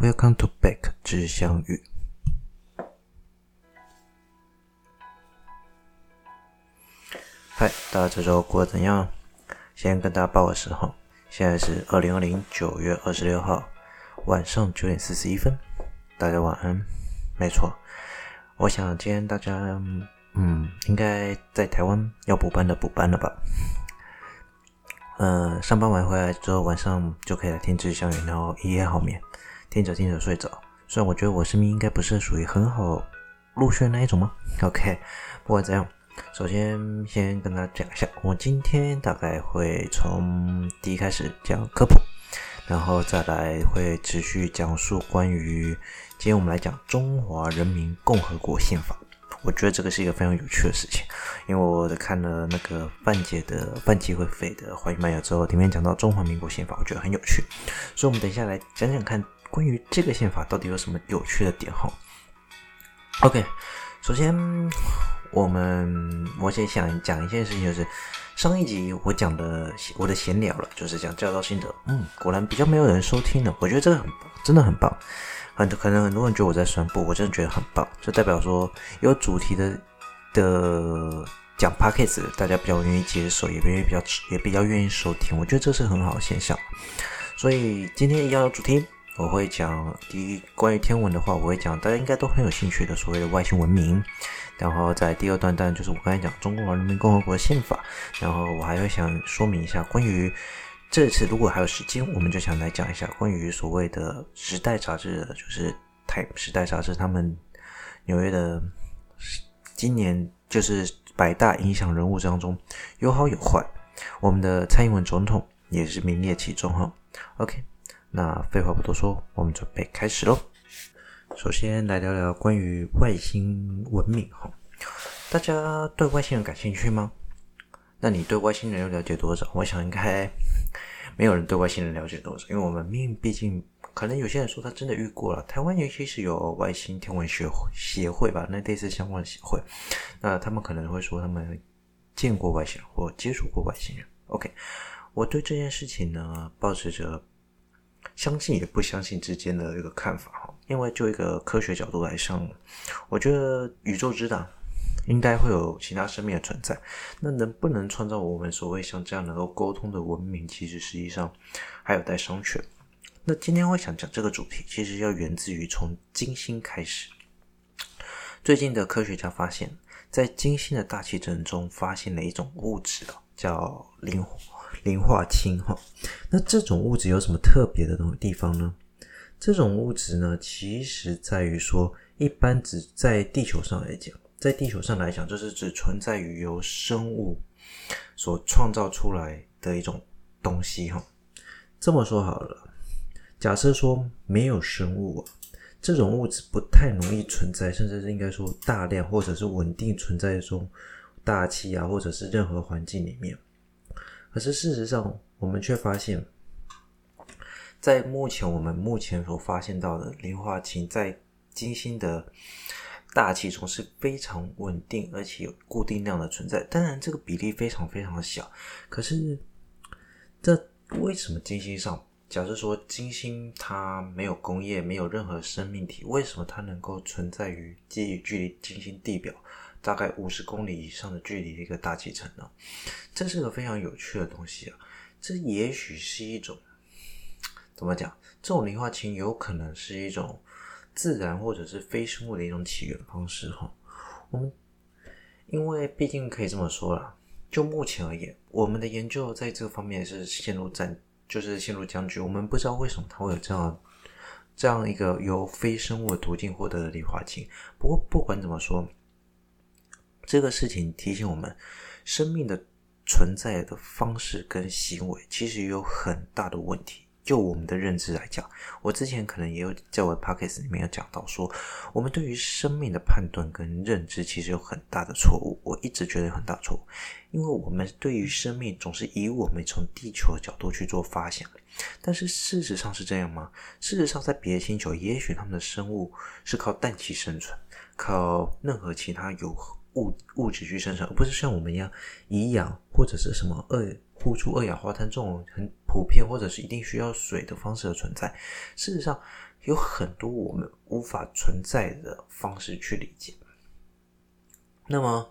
Welcome to back 之相遇。嗨，大家這週過得怎樣？先跟大家報個時候，現在是二零二零九月二十六號晚上九點四十一分。大家晚安。沒錯，我想今天大家嗯，應該在台灣要補班的補班了吧？呃，上班完回來之後，晚上就可以來聽之相遇，然後一夜好眠。聽着聽着睡着雖然我覺得我聲音應該不是屬於很好入睡那一種嗎？OK，不管怎樣，首先先跟大家講一下，我今天大概會從第一開始講科普，然後再來會持續講述關於今天我們來講中華人民共和國憲法。我覺得這個是一個非常有趣的事情，因為我看了那個範姐的範奇會廢的《懷語漫遊》之後，裡面講到中華民國憲法，我覺得很有趣，所以我們等一下來講講看。關於這個憲法到底有什麼有趣的點哈？OK，首先我們我先想講一件事情，就是上一集我講的我的閒聊了，就是講教導心得，嗯，果然比較沒有人收聽的，我覺得這個很真的很棒，很可能很多人覺得我在宣布，我真的覺得很棒，這代表說有主題的的講 podcast 大家比較願意接受，也比較也比較願意收聽，我覺得這是很好的現象。所以今天一定要有主題。我會講第一關於天文的話，我會講大家應該都很有興趣的所謂的外星文明。然後在第二段段就是我剛才講中華人民共和國的憲法。然後我還會想說明一下關於這次，如果還有時間，我們就想來講一下關於所謂的時代雜誌，就是 Time，時代雜誌他們紐約的今年就是百大影響人物當中有好有壞，我們的蔡英文總統也是名列其中哈。OK。那廢話不多說，我們準備開始嘍。首先來聊聊關於外星文明哈，大家對外星人感興趣嗎？那你對外星人又了解多少？我想應該沒有人對外星人了解多少，因為我們命畢竟可能有些人說他真的遇過了。台灣尤其是有外星天文學會協會吧，那類似相關的協會，那他們可能會說他們見過外星人或接觸過外星人。OK，我對這件事情呢，抱持著。相信也不相信之間的一個看法哈，因為就一個科學角度來上，我覺得宇宙之大，應該會有其他生命的存在。那能不能創造我們所謂像這樣能夠溝通的文明，其實實際上還有待商榷。那今天我想講這個主題，其實要源自於從金星開始。最近的科學家發現，在金星的大氣層中發現了一種物質叫磷化氫，叫磷。磷化氫哈，那這種物質有什麼特別的東地方呢？這種物質呢，其實在於說，一般只在地球上來講，在地球上來講，就是只存在於由生物所創造出來的一種東西哈。這麼說好了，假設說沒有生物，這種物質不太容易存在，甚至是應該說大量或者是穩定存在，說大氣啊，或者是任何環境裡面。可是事實上，我們卻發現，在目前我們目前所發現到的磷化氫，在金星的大氣中是非常穩定，而且有固定量的存在。當然，這個比例非常非常的小。可是，這為什麼金星上？假設說金星它沒有工業，沒有任何生命體，為什麼它能夠存在於基於距離金星地表？大概五十公里以上的距離的一個大氣層呢，啊，這是個非常有趣的東西啊！這也許是一種，怎麼講？這種磷化氫有可能是一種自然或者是非生物的一種起源方式哈。我們因為畢竟可以這麼說了，就目前而言，我們的研究在這個方面是陷入戰，就是陷入僵局。我們不知道為什麼它會有這樣這樣一個由非生物途徑獲得的磷化氫。不過不管怎麼說。這個事情提醒我們，生命的存在的方式跟行為其實有很大的問題。就我們的認知來講，我之前可能也有在我的 podcast 裡面有講到說，說我們對於生命的判斷跟認知其實有很大的錯誤。我一直覺得有很大錯誤，因為我們對於生命總是以我們從地球的角度去做發現。但是事實上是這樣嗎？事實上，在別的星球，也許他們的生物是靠氮氣生存，靠任何其他有。物物質去生成，而不是像我們一樣以氧或者是什麼二呼出二氧化碳這種很普遍，或者是一定需要水的方式的存在。事實上，有很多我們無法存在的方式去理解。那麼，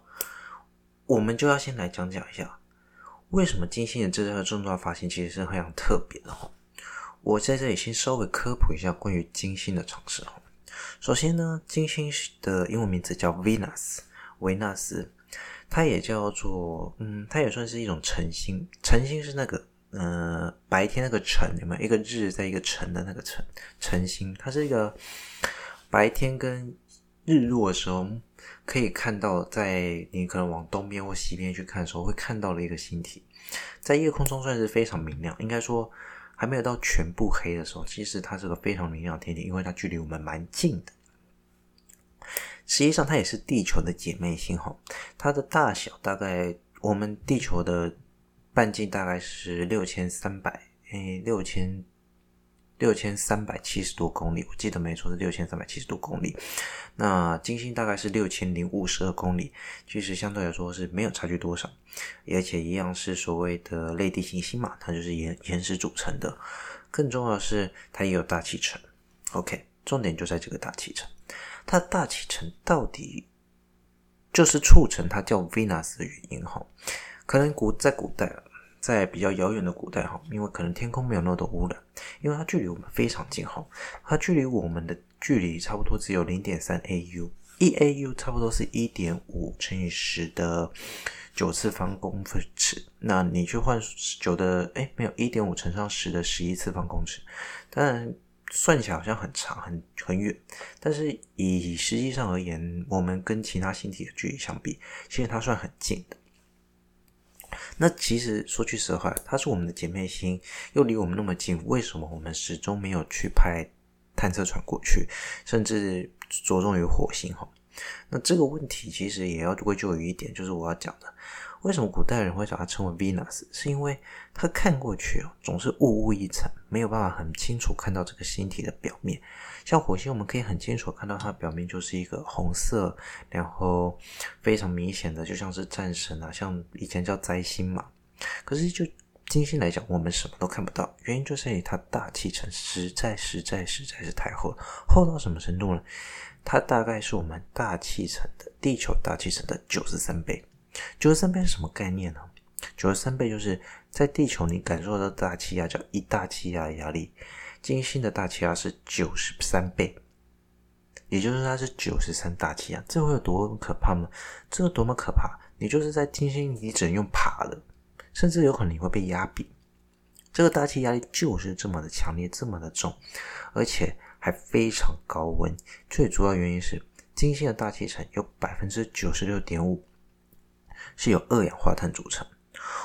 我們就要先來講講一下，為什麼金星的這顆症狀發現其實是非常特別的哈。我在這裡先稍微科普一下關於金星的常識哈。首先呢，金星的英文名字叫 Venus，維納斯，它也叫做嗯，它也算是一種晨星。晨星是那個嗯、呃，白天那個晨，有沒有一個日在一個晨的那個晨晨星。它是一個白天跟日落的時候可以看到，在你可能往東邊或西邊去看的時候，會看到了一個星體，在夜空中算是非常明亮。應該說還沒有到全部黑的時候，其實它是個非常明亮的天體，因為它距離我們蠻近的。實際上，它也是地球的姐妹星齁。它的大小大概，我們地球的半徑大概是六千三百誒六千六千三百七十多公里，我記得沒錯是六千三百七十多公里。那金星大概是六千零五十二公里，其實相對來說是沒有差距多少，而且一樣是所謂的類地行星嘛，它就是岩岩石組成的。更重要的是，它也有大氣層。OK，重點就在這個大氣層。它大氣層到底就是促成它叫 Venus 的原因哈？可能古在古代啊，在比較遙遠的古代哈，因為可能天空沒有那麼多污染，因為它距離我們非常近哈，它距離我們的距離差不多只有零點三 AU，一 AU 差不多是一點五乘以十的九次方公分尺。那你去換九的，哎，沒有，一點五乘上十的十一次方公尺，當然。算起來好像很長、很很遠，但是以實際上而言，我們跟其他星體的距離相比，其實它算很近的。那其實說句實話，它是我們的姐妹星，又離我們那麼近，為什麼我們始終沒有去拍探測船過去，甚至着重於火星？哈，那這個問題其實也要歸咎於一點，就是我要講的。為什麼古代人會叫它稱為 Venus？是因為它看過去哦，總是霧霧一層，沒有辦法很清楚看到這個星體的表面。像火星，我們可以很清楚看到它表面就是一個紅色，然後非常明顯的，就像是戰神啊，像以前叫災星嘛。可是就金星來講，我們什麼都看不到，原因就在於它大氣層實在、實在、實在是太厚，厚到什麼程度呢？它大概是我們大氣層的地球大氣層的九十三倍。九十三倍是什麼概念呢？九十三倍就是在地球你感受到大氣壓叫一大氣壓的壓力，金星的大氣壓是九十三倍，也就是它是九十三大氣壓，這會有多可怕嗎？這個多麼可怕！你就是在金星你只能用爬的，甚至有可能你會被壓扁。這個大氣壓力就是這麼的強烈，這麼的重，而且還非常高溫。最主要原因是金星的大氣層有百分之九十六點五。是由二氧化碳組成。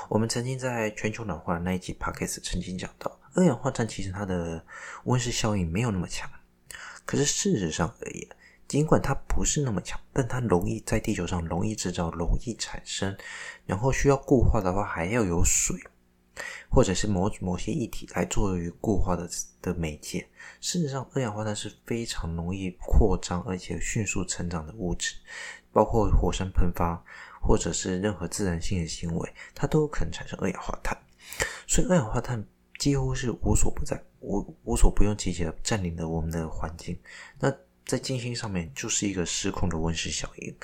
我們曾經在全球暖化的那一集 podcast 曾經講到，二氧化碳其實它的溫室效應沒有那麼強。可是事實上而言，儘管它不是那麼強，但它容易在地球上容易制造、容易產生，然後需要固化的話，還要有水或者是某某些液體來作為固化的的媒介。事實上，二氧化碳是非常容易擴張而且迅速成長的物質，包括火山噴發。或者是任何自然性的行為，它都可能產生二氧化碳。所以二氧化碳幾乎是無所不在、無無所不用其極的占領了我們的環境。那在金星上面就是一個失控的溫室效應。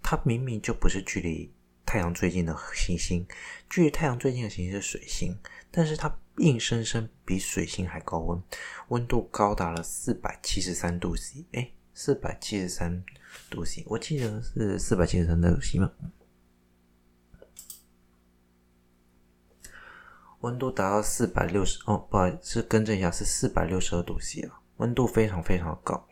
它明明就不是距離太陽最近的行星，距離太陽最近的行星是水星，但是它硬生生比水星還高溫，溫度高達了四百七十三度 C。哎、欸，四百七十三度 C，我記得是四百七十三度 C 嗎？溫度達到四百六十哦，不好意思，更正一下，是四百六十二度 C 啊，溫度非常非常高。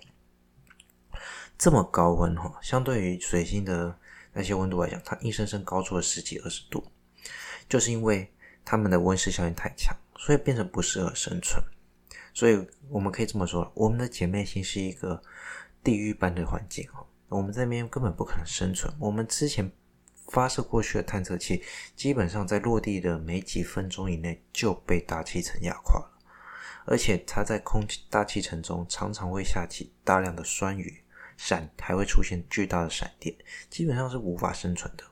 這麼高溫，相對於水星的那些溫度來講，它硬生生高出了十幾二十度，就是因為它們的溫室效應太強，所以變成不適合生存。所以我們可以這麼說，我們的姐妹星是一個地獄般的環境哦，我們這邊根本不可能生存。我們之前。發射過去的探測器，基本上在落地的沒幾分鐘以內就被大氣層壓垮了，而且它在空氣大氣層中常常會下起大量的酸雨，閃還會出現巨大的閃電，基本上是無法生存的。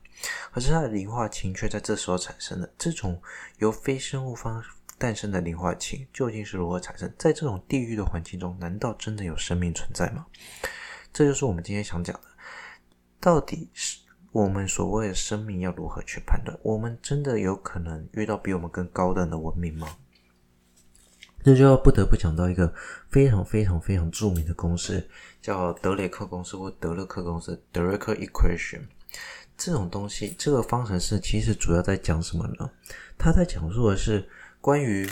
可是它的磷化氫卻在這時候產生了。這種由非生物方誕生的磷化氫究竟是如何產生？在這種地獄的環境中，難道真的有生命存在嗎？這就是我們今天想講的，到底是。我們所謂的生命要如何去判斷？我們真的有可能遇到比我們更高等的文明嗎？這就要不得不講到一個非常非常非常著名的公式，叫德雷克公式或德勒克公式，德瑞克 Equation。這種東西，這個方程式其實主要在講什麼呢？它在講述的是關於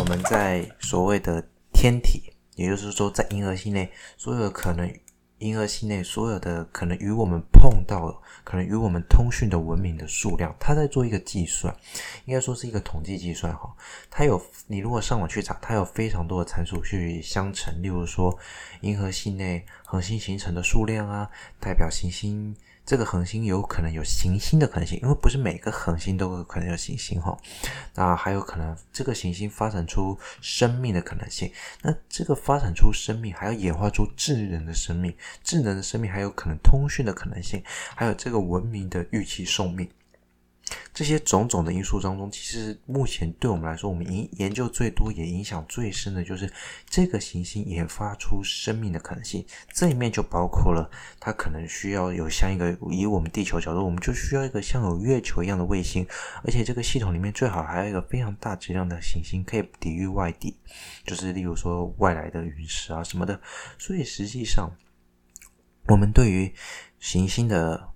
我們在所謂的天體，也就是說在銀河系內所有的可能。銀河系內所有的可能與我們碰到的、可能與我們通訊的文明的數量，它在做一個計算，應該說是一個統計計算哈。它有，你如果上網去查，它有非常多的參數去相乘，例如說，銀河系內恆星形成的數量啊，代表行星。這個恆星有可能有行星的可能性，因為不是每個恆星都有可能有行星哈。那還有可能這個行星發展出生命的可能性，那這個發展出生命還要演化出智能的生命，智能的生命還有可能通訊的可能性，還有這個文明的預期壽命。這些種種的因素當中，其實目前對我們來說，我們研研究最多也影響最深的就是這個行星研發出生命的可能性。這裡面就包括了它可能需要有像一個以我們地球角度，我們就需要一個像有月球一樣的衛星，而且這個系統裡面最好還有一個非常大質量的行星可以抵禦外敵，就是例如說外來的隕石啊什麼的。所以實際上，我們對於行星的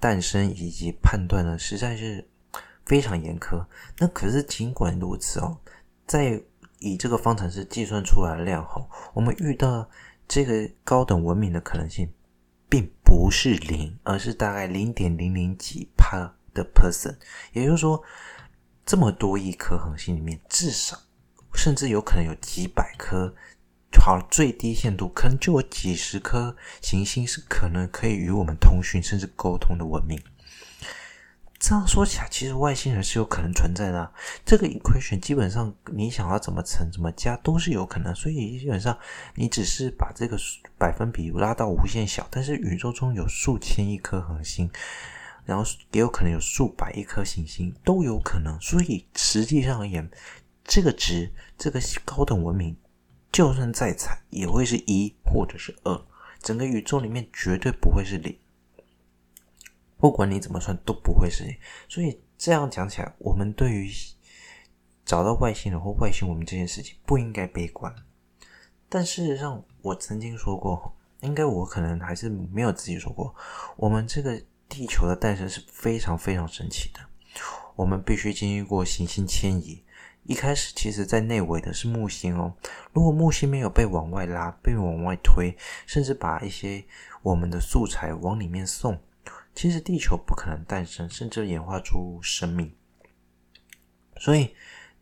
誕生以及判斷呢，實在是非常嚴苛。那可是儘管如此哦，在以這個方程式計算出來的量後，我們遇到這個高等文明的可能性並不是零，而是大概零點零零幾帕的 percent。也就是說，這麼多億顆恆星裡面，至少甚至有可能有幾百顆。好，最低限度可能就有幾十顆行星是可能可以與我們通訊甚至溝通的文明。這樣說起來，其實外星人是有可能存在的啊。這個 equation 基本上你想要怎麼乘怎麼加都是有可能，所以基本上你只是把這個百分比拉到無限小，但是宇宙中有數千億顆恆星，然後也有可能有數百億顆行星都有可能。所以實際上而言，這個值這個高等文明。就算再慘也會是一或者是二，整個宇宙裡面絕對不會是零，不管你怎麼算都不會是零。所以這樣講起來，我們對於找到外星人或外星文明這件事情，不應該悲觀。但事實上，我曾經說過，應該我可能還是沒有自己說過，我們這個地球的誕生是非常非常神奇的，我們必須經歷過行星遷移。一開始，其實在內圍的是木星哦。如果木星沒有被往外拉，被往外推，甚至把一些我們的素材往裡面送，其實地球不可能誕生，甚至演化出生命。所以，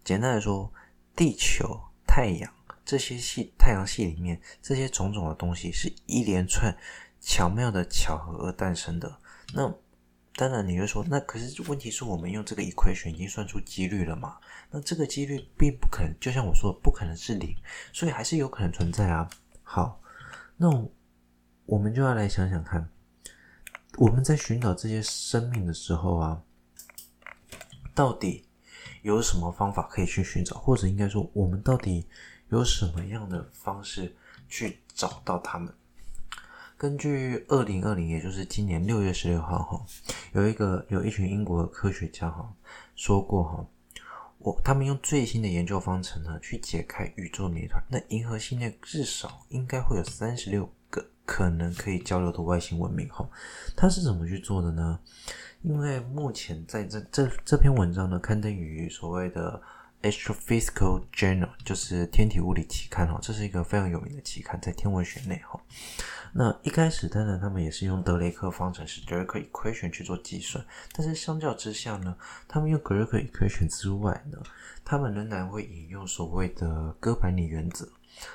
簡單來說，地球、太陽這些系、太陽系裡面這些種種的東西，是一連串巧妙的巧合而誕生的。那當然，你會說那可是，問題是我們用這個 equation 已經算出幾率了嘛，那這個幾率並不可能，就像我說的，不可能是零，所以還是有可能存在啊。好，那我，我們就要來想想看，我們在尋找這些生命的時候啊，到底有什麼方法可以去尋找，或者應該說，我們到底有什麼樣的方式去找到他們？根據二零二零，也就是今年六月十六號，哈，有一個有一群英國的科學家，哈，說過，哈，我他們用最新的研究方程呢，去解開宇宙謎團。那銀河系內至少應該會有三十六個可能可以交流的外星文明，哈，他是怎麼去做的呢？因為目前在這這這篇文章呢，刊登於所謂的。Astrophysical Journal 就是天體物理期刊哦，這是一個非常有名的期刊，在天文學內哈。那一開始當然他們也是用德雷克方程式 （Drake q u a t i o n 去做計算，但是相較之下呢，他們用 Drake q u a t i o n 之外呢，他們仍然會引用所謂的哥白尼原則。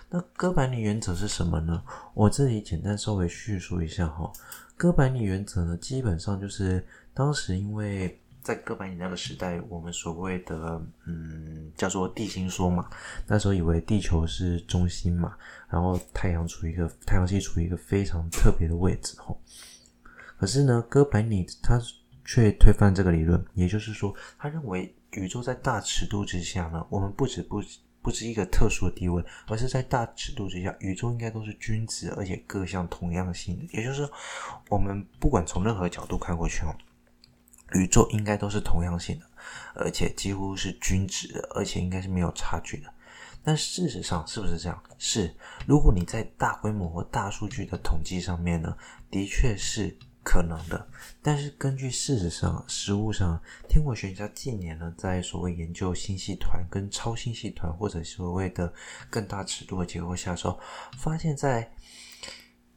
那哥白尼原則是什麼呢？我這裡簡單稍微敘述一下哈。哥白尼原則呢，基本上就是當時因為在哥白尼那個時代，我們所謂的嗯，叫做地心說嘛，那時候以為地球是中心嘛，然後太陽處於一個太陽系處於一個非常特別的位置吼。可是呢，哥白尼他卻推翻這個理論，也就是說，他認為宇宙在大尺度之下呢，我們不止不不是一個特殊的地位，而是在大尺度之下，宇宙應該都是均值，而且各項同樣性。也就是說，我們不管從任何角度看過去哦。宇宙應該都是同樣性的，而且幾乎是均值的，而且應該是沒有差距的。但事實上是不是這樣？是，如果你在大規模和大數據的統計上面呢，的確是可能的。但是根據事實上、實物上，天文學家近年呢，在所謂研究星系團跟超星系團或者所謂的更大尺度的結構下時候，發現在，在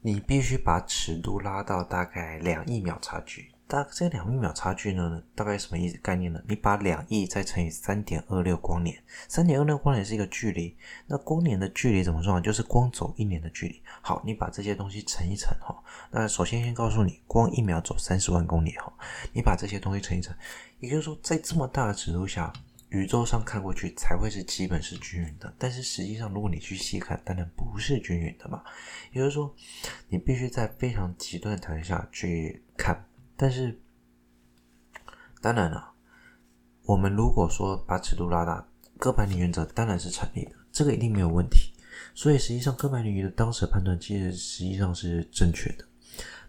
你必須把尺度拉到大概兩億秒差距。大概這兩億秒差距呢？大概什麼意思概念呢？你把兩億再乘以三點二六光年，三點二六光年是一個距離。那光年的距離怎麼說呢？就是光走一年的距離。好，你把這些東西乘一乘哈。那首先先告訴你，光一秒走三十萬公里哈。你把這些東西乘一乘，也就是說，在這麼大的尺度下，宇宙上看過去才會是基本是均勻的。但是實際上，如果你去細看，當然不是均勻的嘛。也就是說，你必須在非常極端的條件下去看。但是，當然了、啊，我們如果說把尺度拉大，哥白尼原則當然是成立的，這個一定沒有問題。所以，實際上，哥白尼當時的判斷其實實際上是正確的。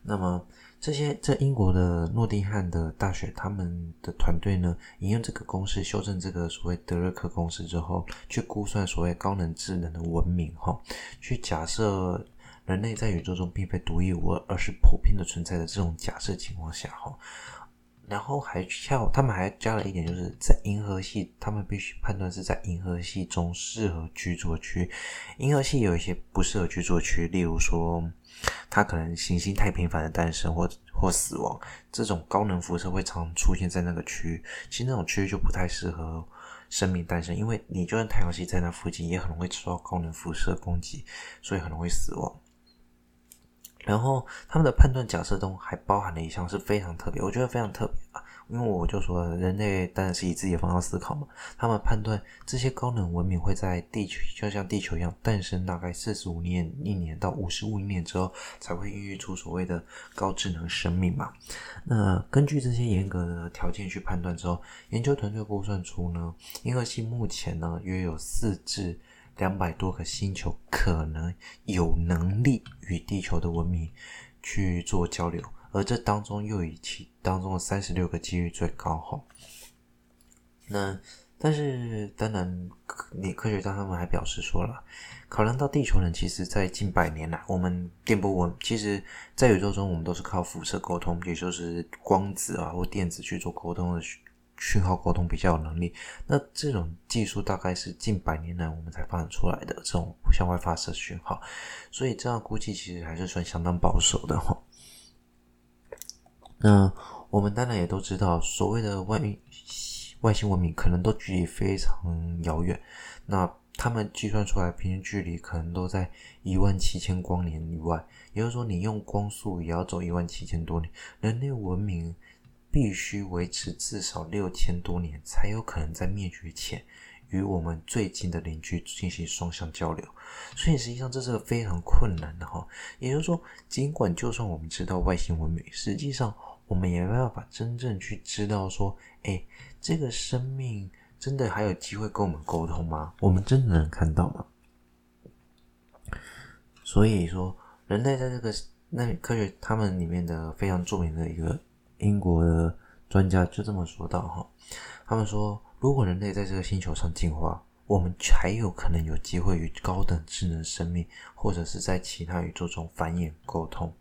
那麼，這些在英國的諾丁漢的大學，他們的團隊呢，引用這個公式修正這個所謂德瑞克公式之後，去估算所謂高能智能的文明，哈，去假設。人類在宇宙中並非獨一無二，而是普遍的存在的。這種假設情況下，哈，然後還需要，他們還加了一點，就是在銀河系，他們必須判斷是在銀河系中適合居住的區。銀河系有一些不適合居住的區，例如說，它可能行星太頻繁的誕生或或死亡，這種高能輻射會常常出現在那個區域。其實那種區域就不太適合生命誕生，因為你就算太陽系在那附近，也很容易受到高能輻射攻擊，所以很容易死亡。然後，他們的判斷假設中還包含了一項是非常特別，我覺得非常特別啊，因為我就說，人類當然是以自己的方法思考嘛。他們判斷這些高能文明會在地球就像地球一樣誕生，大概四十五年一年到五十五億年之後才會孕育出所謂的高智能生命嘛。那根據這些嚴格的條件去判斷之後，研究團隊估算出呢，銀河系目前呢約有四至。兩百多個星球可能有能力與地球的文明去做交流，而這當中又以其當中的三十六個幾率最高哈、哦。那但是當然，你科、科學家他們還表示說了，考量到地球人其實，在近百年來，我們電波我其實，在宇宙中我們都是靠輻射溝通，也就是光子啊或電子去做溝通的。訊號溝通比較有能力，那這種技術大概是近百年來我們才發展出來的，這種向外發射訊號，所以這樣估計其實還是算相當保守的哈。那我們當然也都知道，所謂的外外星文明可能都距離非常遙遠，那他們計算出來平均距離可能都在一萬七千光年以外，也就是說你用光速也要走一萬七千多年，人類文明。必須維持至少六千多年，才有可能在滅絕前與我們最近的鄰居進行雙向交流。所以實際上這是個非常困難的哈。也就是說，儘管就算我們知道外星文明，實際上我們也沒辦法真正去知道說，哎，這個生命真的還有機會跟我們溝通嗎？我們真的能看到嗎？所以說，人類在這個那科學他們裡面的非常著名的一個。英國的專家就這麼說到哈，他們說，如果人類在這個星球上進化，我們才有可能有機會與高等智能生命，或者是在其他宇宙中繁衍溝通。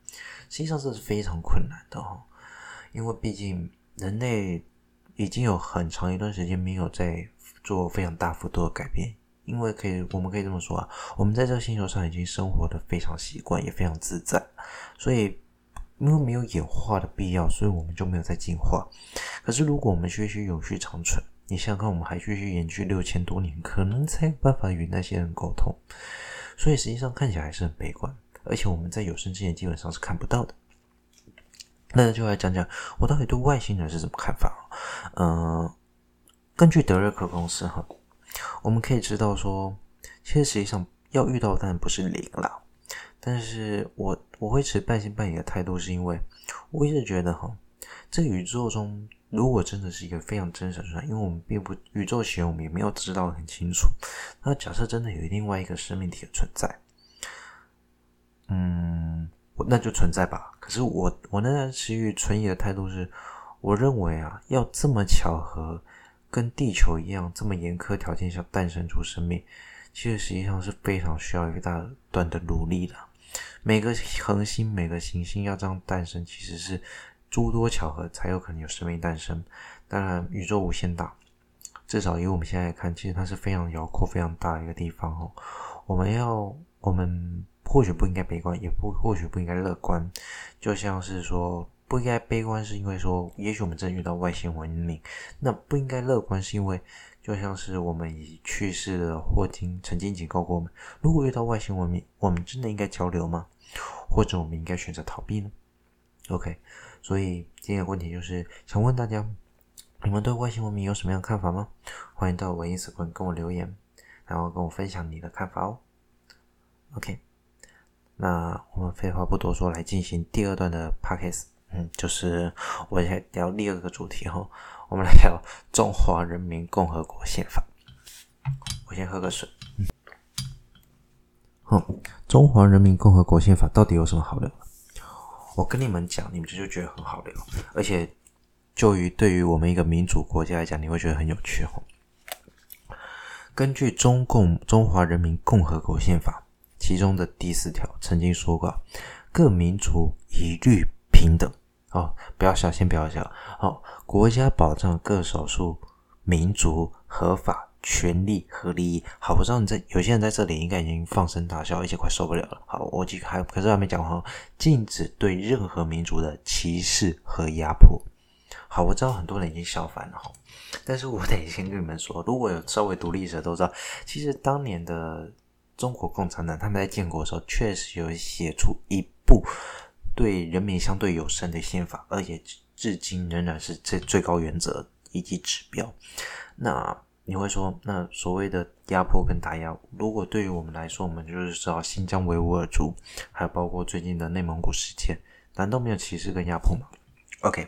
實際上這是非常困難的哈，因為畢竟人類已經有很長一段時間沒有在做非常大幅度的改變，因為可以，我們可以這麼說啊，我們在這個星球上已經生活的非常習慣，也非常自在，所以。因為沒有演化的必要，所以我們就沒有再進化。可是，如果我們繼續，續永續長存，你想想看，我們還繼續，續延續六千多年，可能才有辦法與那些人溝通。所以，實際上看起來還是很悲觀，而且我們在有生之年基本上是看不到的。那就來講講我到底對外星人是什麼看法？嗯、呃，根據德瑞克公式哈，我們可以知道說，其實實際上要遇到的當然不是零了。但是我我會持半信半疑的態度，是因為我一直覺得哈，這個、宇宙中如果真的是一個非常真實存在，因為我們並不宇宙學，我們也沒有知道很清楚。那假設真的有另外一個生命體的存在，嗯，那就存在吧。可是我我仍然持於存疑的態度是，是我認為啊，要這麼巧合跟地球一樣，這麼嚴苛條件下誕生出生命，其實實際上是非常需要一個大段的努力的。每個恆星、每個行星要這樣誕生，其實是諸多巧合才有可能有生命誕生。當然，宇宙無限大，至少以我們現在來看，其實它是非常遼闊、非常大的一個地方吼。我們要，我們或許不應該悲觀，也不或許不應該樂觀。就像是說，不應該悲觀，是因為說，也許我們真遇到外星文明；那不應該樂觀，是因為。就像是我們已去世的霍金曾經警告過我們：如果遇到外星文明，我們真的應該交流嗎？或者我們應該選擇逃避呢？OK，所以今天的問題就是想問大家：你們對外星文明有什麼樣的看法嗎？歡迎到我 Instagram 跟我留言，然後跟我分享你的看法哦。OK，那我們廢話不多說，來進行第二段的 Podcast。就是我先聊第二個主題哈、哦，我們來聊《中華人民共和國憲法》。我先喝個水。哼，嗯，《中華人民共和國憲法》到底有什麼好聊的？我跟你們講，你們就覺得很好聊，而且就於對於我們一個民主國家來講，你會覺得很有趣哦。根據中《中共中華人民共和國憲法》其中的第四條曾經說過，各民族一律平等。哦，不要笑，先不要笑。哦，國家保障各少數民族合法權利和利益。好，我知道你在，有些人在這裡應該已經放聲大笑，而且快受不了了。好，我幾還可是還沒講完，禁止對任何民族的歧視和壓迫。好，我知道很多人已經笑翻了哈，但是我得先跟你們說，如果有稍微讀歷史的都知道，其實當年的中國共產黨他們在建國的時候確實有寫出一部。對人民相對友善的憲法，而且至今仍然是這最高原則以及指標。那你會說，那所謂的壓迫跟打壓，如果對於我們來說，我們就是知道新疆維吾爾族，還有包括最近的內蒙古事件，難道沒有歧視跟壓迫嗎？OK，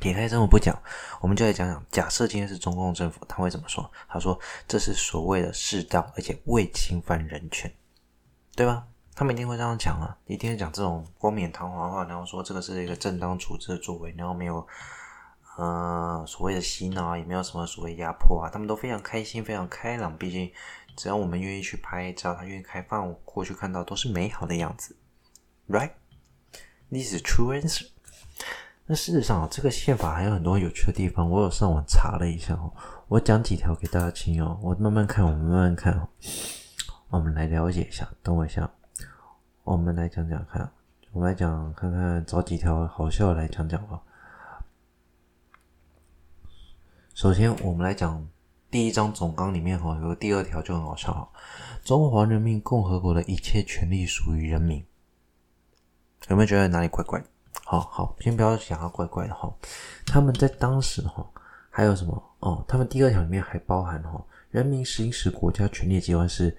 撇開這麼不講，我們就來講講，假設今天是中共政府，他會怎麼說？他說這是所謂的適當，而且未侵犯人權，對吧？他們一定會這樣講啊！一定會講這種冠冕堂皇的話，然後說這個是一個正當處置的作為，然後沒有呃所謂的洗腦啊，也沒有什麼所謂壓迫啊。他們都非常開心，非常開朗。畢竟只要我們願意去拍照，只要他願意開放，過去看到都是美好的樣子，right? These truths. 那事實上哦，這個憲法還有很多有趣的地方。我有上網查了一下哦，我講幾條給大家聽哦。我慢慢看，我們慢慢看哦。我們來了解一下，等我一下。哦、我們來講講看，我們來講看看，找幾條好笑的來講講哦。首先，我們來講第一章總綱裡面哈，有個第二條就很好笑哈。中華人民共和國的一切權力屬於人民。有沒有覺得哪裡怪怪？好好，先不要想它怪怪的哈。他們在當時哈還有什麼哦？他們第二條裡面還包含哈，人民行使國家權力機關是。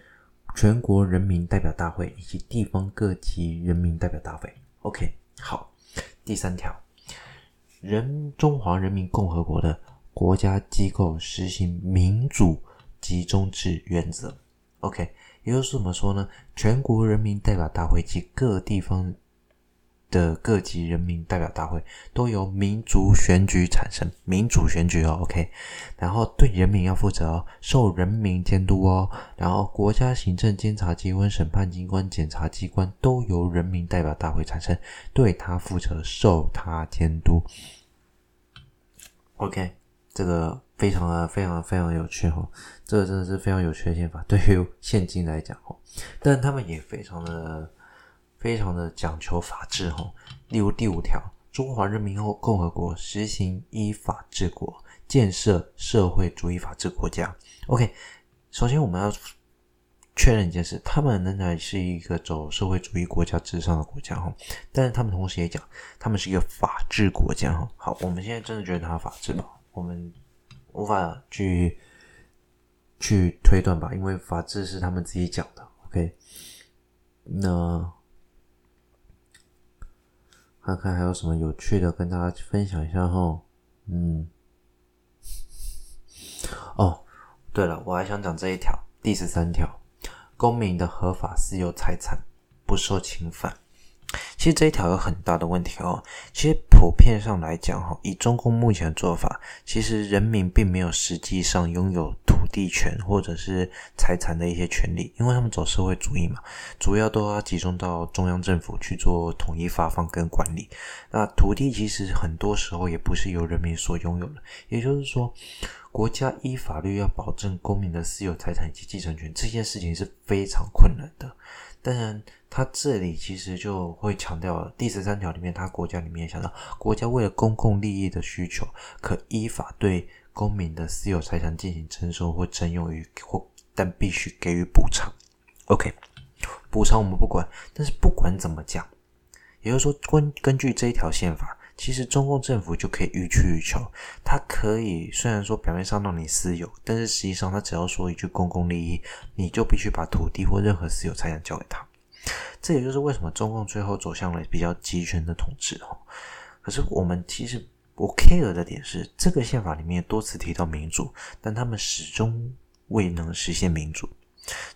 全國人民代表大會以及地方各級人民代表大會。OK，好。第三條，人，中華人民共和國的國家機構實行民主集中制原則。OK，也就是怎麼說呢？全國人民代表大會及各地方。的各級人民代表大會都由民主選舉產生，民主選舉哦，OK，然後對人民要負責哦，受人民監督哦，然後國家行政、監察機關、審判機關、檢察機關都由人民代表大會產生，對他負責，受他監督。 OK，這個非常的、非常、非常的有趣哦。這個真的是非常有趣的憲法，對於現今來講哈、哦，但他們也非常的。非常的講求法治哈，例如第五條，中華人民共和國實行依法治國，建設社會主義法治國家。OK，首先我們要確認一件事，他們仍然是一個走社會主義國家之上的國家哈，但是他們同時也講，他們是一個法治國家哈。好，我們現在真的覺得他法治吧，我們無法去去推斷吧，因為法治是他們自己講的。OK，那。看看還有什麼有趣的跟大家分享一下哈，嗯，哦，對了，我還想講這一條，第十三條，公民的合法私有財產不受侵犯。其實這一條有很大的問題哦。其實普遍上來講哈，以中共目前的做法，其實人民並沒有實際上擁有土地權或者是財產的一些權利，因為他們走社會主義嘛，主要都要集中到中央政府去做統一發放跟管理。那土地其實很多時候也不是由人民所擁有的，也就是說。國家依法律要保證公民的私有財產以及繼承權，這件事情是非常困難的。當然，他這裡其實就會強調了第十三條裡面，他國家裡面也強調，國家為了公共利益的需求，可依法對公民的私有財產進行徵收或徵用於或，但必須給予補償。OK，補償我們不管，但是不管怎麼講，也就是說根根據這一條憲法。其實中共政府就可以予取予求，它可以雖然說表面上讓你私有，但是實際上他只要說一句公共利益，你就必須把土地或任何私有財產交給他。這也就是為什麼中共最後走向了比較極權的統治哈。可是我們其實我 care 的點是，這個憲法裡面多次提到民主，但他們始終未能實現民主。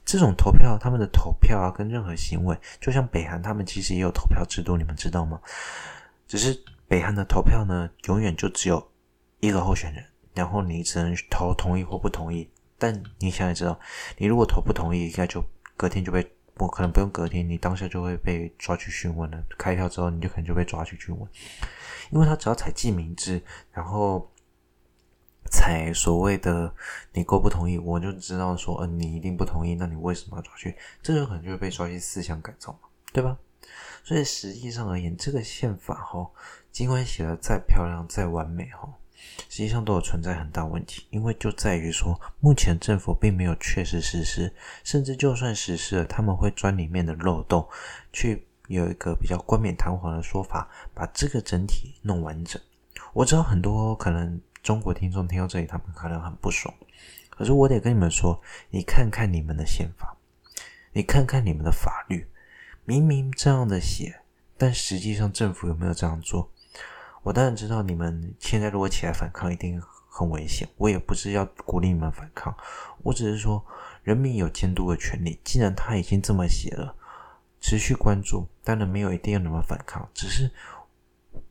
這種投票，他們的投票啊，跟任何行為，就像北韓他們其實也有投票制度，你們知道嗎？只是。北韓的投票呢，永遠就只有一個候選人，然後你只能投同意或不同意。但你想也知道，你如果投不同意，應該就隔天就被我可能不用隔天，你當下就會被抓去詢問了。開票之後，你就可能就被抓去詢問，因為他只要採記名字，然後採所謂的你夠不同意，我就知道說，嗯、呃，你一定不同意，那你為什麼要抓去？這種可能就是被抓去思想改造嘛，對吧？所以實際上而言，這個憲法齁。儘管寫得再漂亮，再完美，哦，實際上都有存在很大問題，因為就在於說，目前政府並沒有確實實施，甚至就算實施了，他們會鑽裡面的漏洞，去有一個比較冠冕堂皇的說法，把這個整體弄完整。我知道很多可能中國聽眾聽到這裡，他們可能很不爽，可是我得跟你們說，你看看你們的憲法，你看看你們的法律，明明這樣的寫，但實際上政府有沒有這樣做？我當然知道你們現在如果起來反抗，一定很危險。我也不是要鼓勵你們反抗，我只是說，人民有監督的權利。既然他已經這麼寫了，持續關注當然沒有一定要你們反抗，只是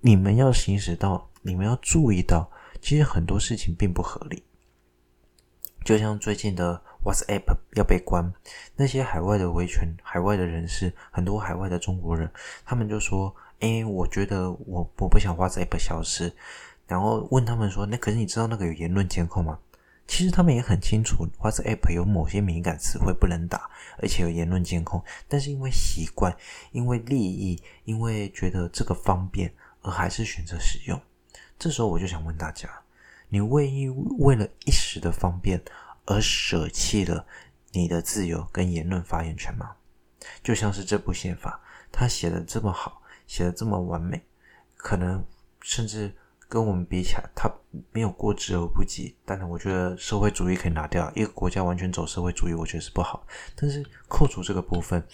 你們要行使到，你們要注意到，其實很多事情並不合理。就像最近的 WhatsApp 要被關，那些海外的維權、海外的人士，很多海外的中國人，他們就說。哎，我覺得我我不想 WhatsApp 消失，然後問他們說，那可是你知道那個有言論監控嗎？其實他們也很清楚，WhatsApp 有某些敏感詞彙不能打，而且有言論監控，但是因為習慣、因為利益、因為覺得這個方便，而還是選擇使用。這時候我就想問大家：你為一為了一時的方便而捨棄了你的自由跟言論發言權嗎？就像是這部憲法，他寫的這麼好。寫的這麼完美，可能甚至跟我們比起來，他沒有過之而不及。但是我覺得社會主義可以拿掉，一個國家完全走社會主義，我覺得是不好。但是扣除這個部分，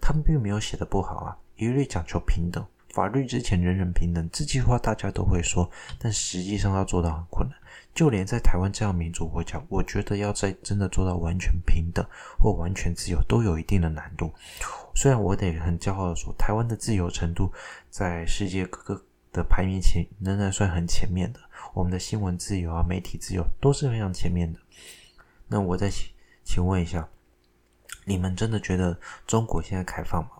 他們並沒有寫的不好啊，一律講求平等。法律之前人人平等，這句話大家都會說，但實際上要做到很困難。就連在台灣這樣民主國家，我覺得要在真的做到完全平等或完全自由，都有一定的難度。雖然我得很驕傲的說，台灣的自由程度在世界各個的排名前，仍然算很前面的。我們的新聞自由啊，媒體自由都是非常前面的。那我再請請問一下，你們真的覺得中國現在開放嗎？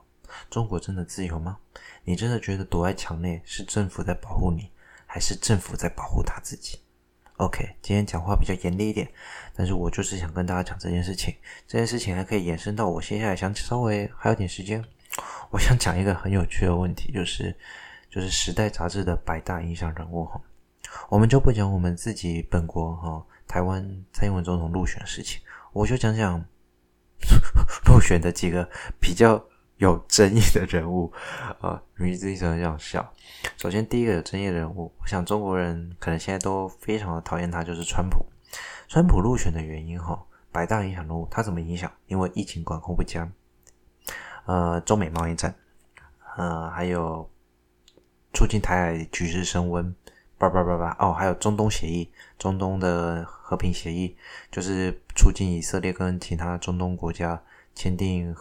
中國真的自由嗎？你真的覺得躲在牆內是政府在保護你，還是政府在保護他自己？OK，今天講話比較嚴厲一點，但是我就是想跟大家講這件事情。這件事情還可以延伸到我接下來想稍微還有點時間，我想講一個很有趣的問題，就是就是《時代》雜誌的百大影響人物。我們就不講我們自己本國和台灣蔡英文總統入選的事情，我就講講呵呵入選的幾個比較。有爭議的人物，呃，名字一直要笑。首先，第一個有爭議的人物，我想中國人可能現在都非常的討厭他，就是川普。川普入選的原因哈，百大影響人物，他怎麼影響？因為疫情管控不佳，呃，中美貿易戰，呃，還有促進台海局勢升溫，吧吧吧吧，哦，還有中東協議，中東的和平協議，就是促進以色列跟其他中東國家簽訂。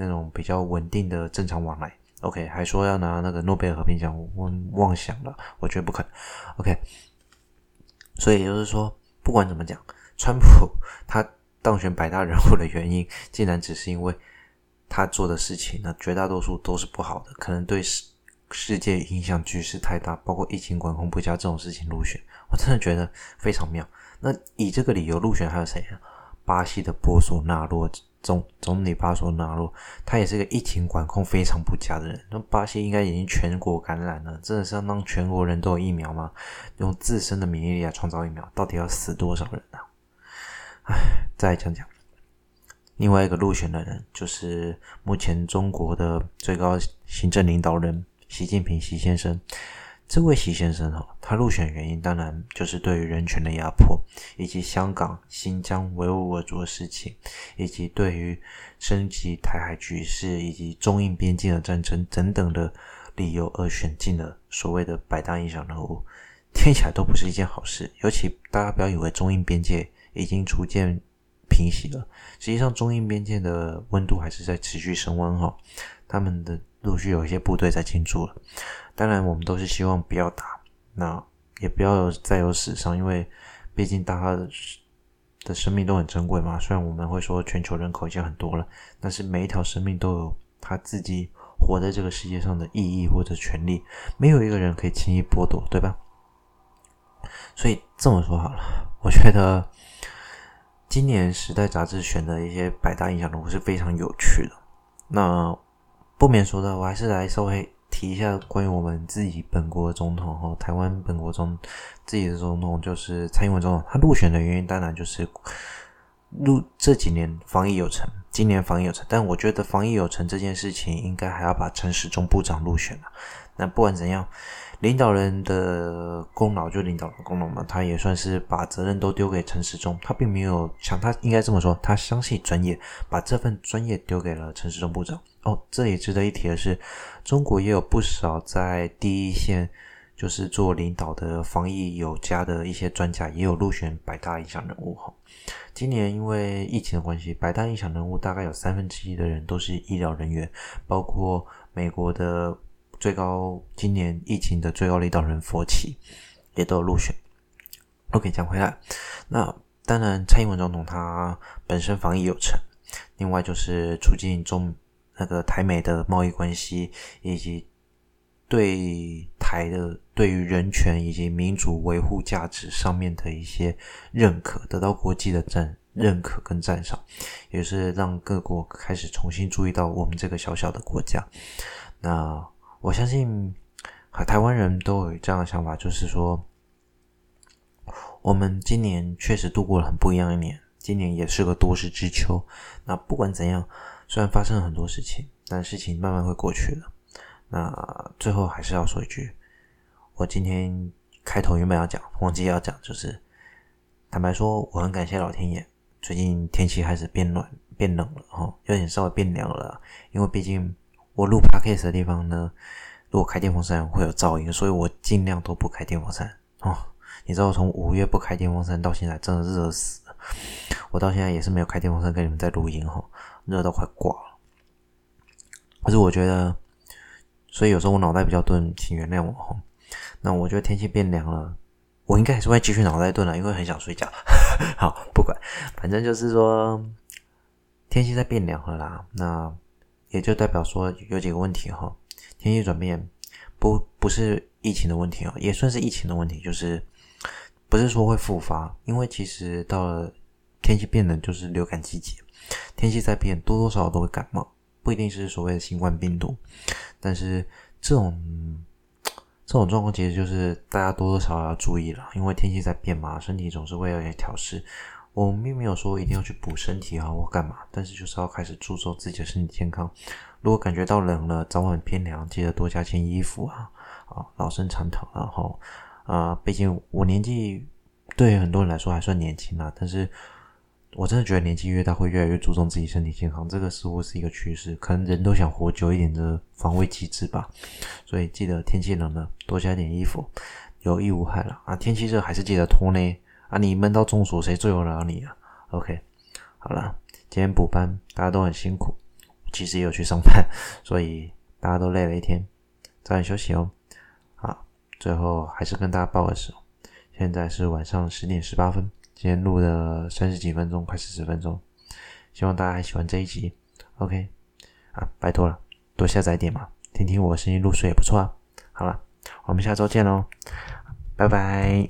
那種比較穩定的正常往來，OK，還說要拿那個諾貝爾和平獎，妄妄想了，我絕不可能。OK，所以也就是說，不管怎麼講，川普他當選百大人物的原因，竟然只是因為他做的事情呢，絕大多數都是不好的，可能對世世界影響局勢太大，包括疫情管控不佳這種事情入選，我真的覺得非常妙。那以這個理由入選還有誰呀？巴西的波索納洛。總總理波索納洛，他也是個疫情管控非常不佳的人。那巴西應該已經全國感染了，真的是要讓全國人都有疫苗嗎？用自身的免疫力來創造疫苗，到底要死多少人啊？哎，再講講另外一個入選的人，就是目前中國的最高行政領導人習近平習先生。這位習先生哈，他入選原因當然就是對於人權的壓迫，以及香港、新疆維吾爾族的事情，以及對於升級台海局勢以及中印邊境的戰爭等等的理由而選進了所謂的百大影響人物，聽起來都不是一件好事。尤其大家不要以為中印邊界已經逐漸平息了，實際上中印邊界的溫度還是在持續升溫哈，他們的。陸續有一些部隊在進駐了，當然我們都是希望不要打，那也不要再有死傷，因為畢竟大家的生命都很珍貴嘛。雖然我們會說全球人口已經很多了，但是每一條生命都有他自己活在這個世界上的意義或者權利，沒有一個人可以輕易剝奪，對吧？所以這麼說好了，我覺得今年《時代》雜誌選的一些百大影響人物是非常有趣的。那。不免說的，我還是來稍微提一下關於我們自己本國的總統和台灣本國總自己的總統，就是蔡英文總統。他入選的原因當然就是入這幾年防疫有成，今年防疫有成。但我覺得防疫有成這件事情，應該還要把陳時中部長入選了啊。那不管怎樣。領導人的功勞就領導的功勞嘛，他也算是把責任都丟給陳時中，他並沒有想他應該這麼說，他相信專業，把這份專業丟給了陳時中部長。哦，這也值得一提的是，中國也有不少在第一線就是做領導的防疫有加的一些專家，也有入選百大影響人物。今年因為疫情的關係，百大影響人物大概有三分之一的人都是醫療人員，包括美國的。最高今年疫情的最高領導人佛奇也都有入選。OK，講回來，那當然蔡英文總統他本身防疫有成，另外就是促進中那個台美的貿易關係，以及對台的對於人權以及民主維護價值上面的一些認可，得到國際的贊認可跟讚賞，也就是讓各國開始重新注意到我們這個小小的國家。那。我相信，台灣人都有這樣的想法，就是說，我們今年確實度過了很不一樣一年，今年也是個多事之秋。那不管怎樣，雖然發生了很多事情，但事情慢慢會過去的。那最後還是要說一句，我今天開頭原本要講，忘記要講，就是坦白說，我很感謝老天爺，最近天氣開始變暖，變冷了哈、哦，有點稍微變涼了，因為畢竟。我錄 podcast 的地方呢，如果開電風扇會有噪音，所以我盡量都不開電風扇哦。你知道，從五月不開電風扇到現在，真的熱死了，我到現在也是沒有開電風扇跟你們在錄音齁，熱到快掛了。可是我覺得，所以有時候我腦袋比較鈍，請原諒我齁。那我覺得天氣變涼了，我應該還是會繼續腦袋鈍了，因為很想睡覺。 好，不管，反正就是說，天氣在變涼了啦。那。也就代表說有幾個問題哈，天氣轉變不，不是疫情的問題啊，也算是疫情的問題，就是不是說會復發，因為其實到了天氣變冷就是流感季節，天氣在變，多多少少都會感冒，不一定是所謂的新冠病毒，但是這種這種狀況其實就是大家多多少少要注意了，因為天氣在變嘛，身體總是會有點調適。我們並沒有說一定要去補身體啊或幹嘛，但是就是要開始注重自己的身體健康。如果感覺到冷了，早晚偏涼，記得多加件衣服啊啊！老生常談然後啊、呃，畢竟我年紀對很多人來說還算年輕啦、啊、但是我真的覺得年紀越大，會越來越注重自己身體健康，這個似乎是一個趨勢，可能人都想活久一點的防衛機制吧。所以記得天氣冷了，多加點衣服，有益無害了啊！天氣熱還是記得脫呢。啊！你悶到中暑誰、啊，誰最會撓你啊？OK，好了，今天補班大家都很辛苦，其實也有去上班，所以大家都累了一天，早點休息哦。啊，最後還是跟大家報個時，現在是晚上十點十八分，今天錄了三十幾分鐘，快四十分鐘，希望大家還喜歡這一集。OK，啊，拜托了，多下載一點嘛，聽聽我的聲音入睡也不錯、啊。好了，我們下周見嘍，拜拜。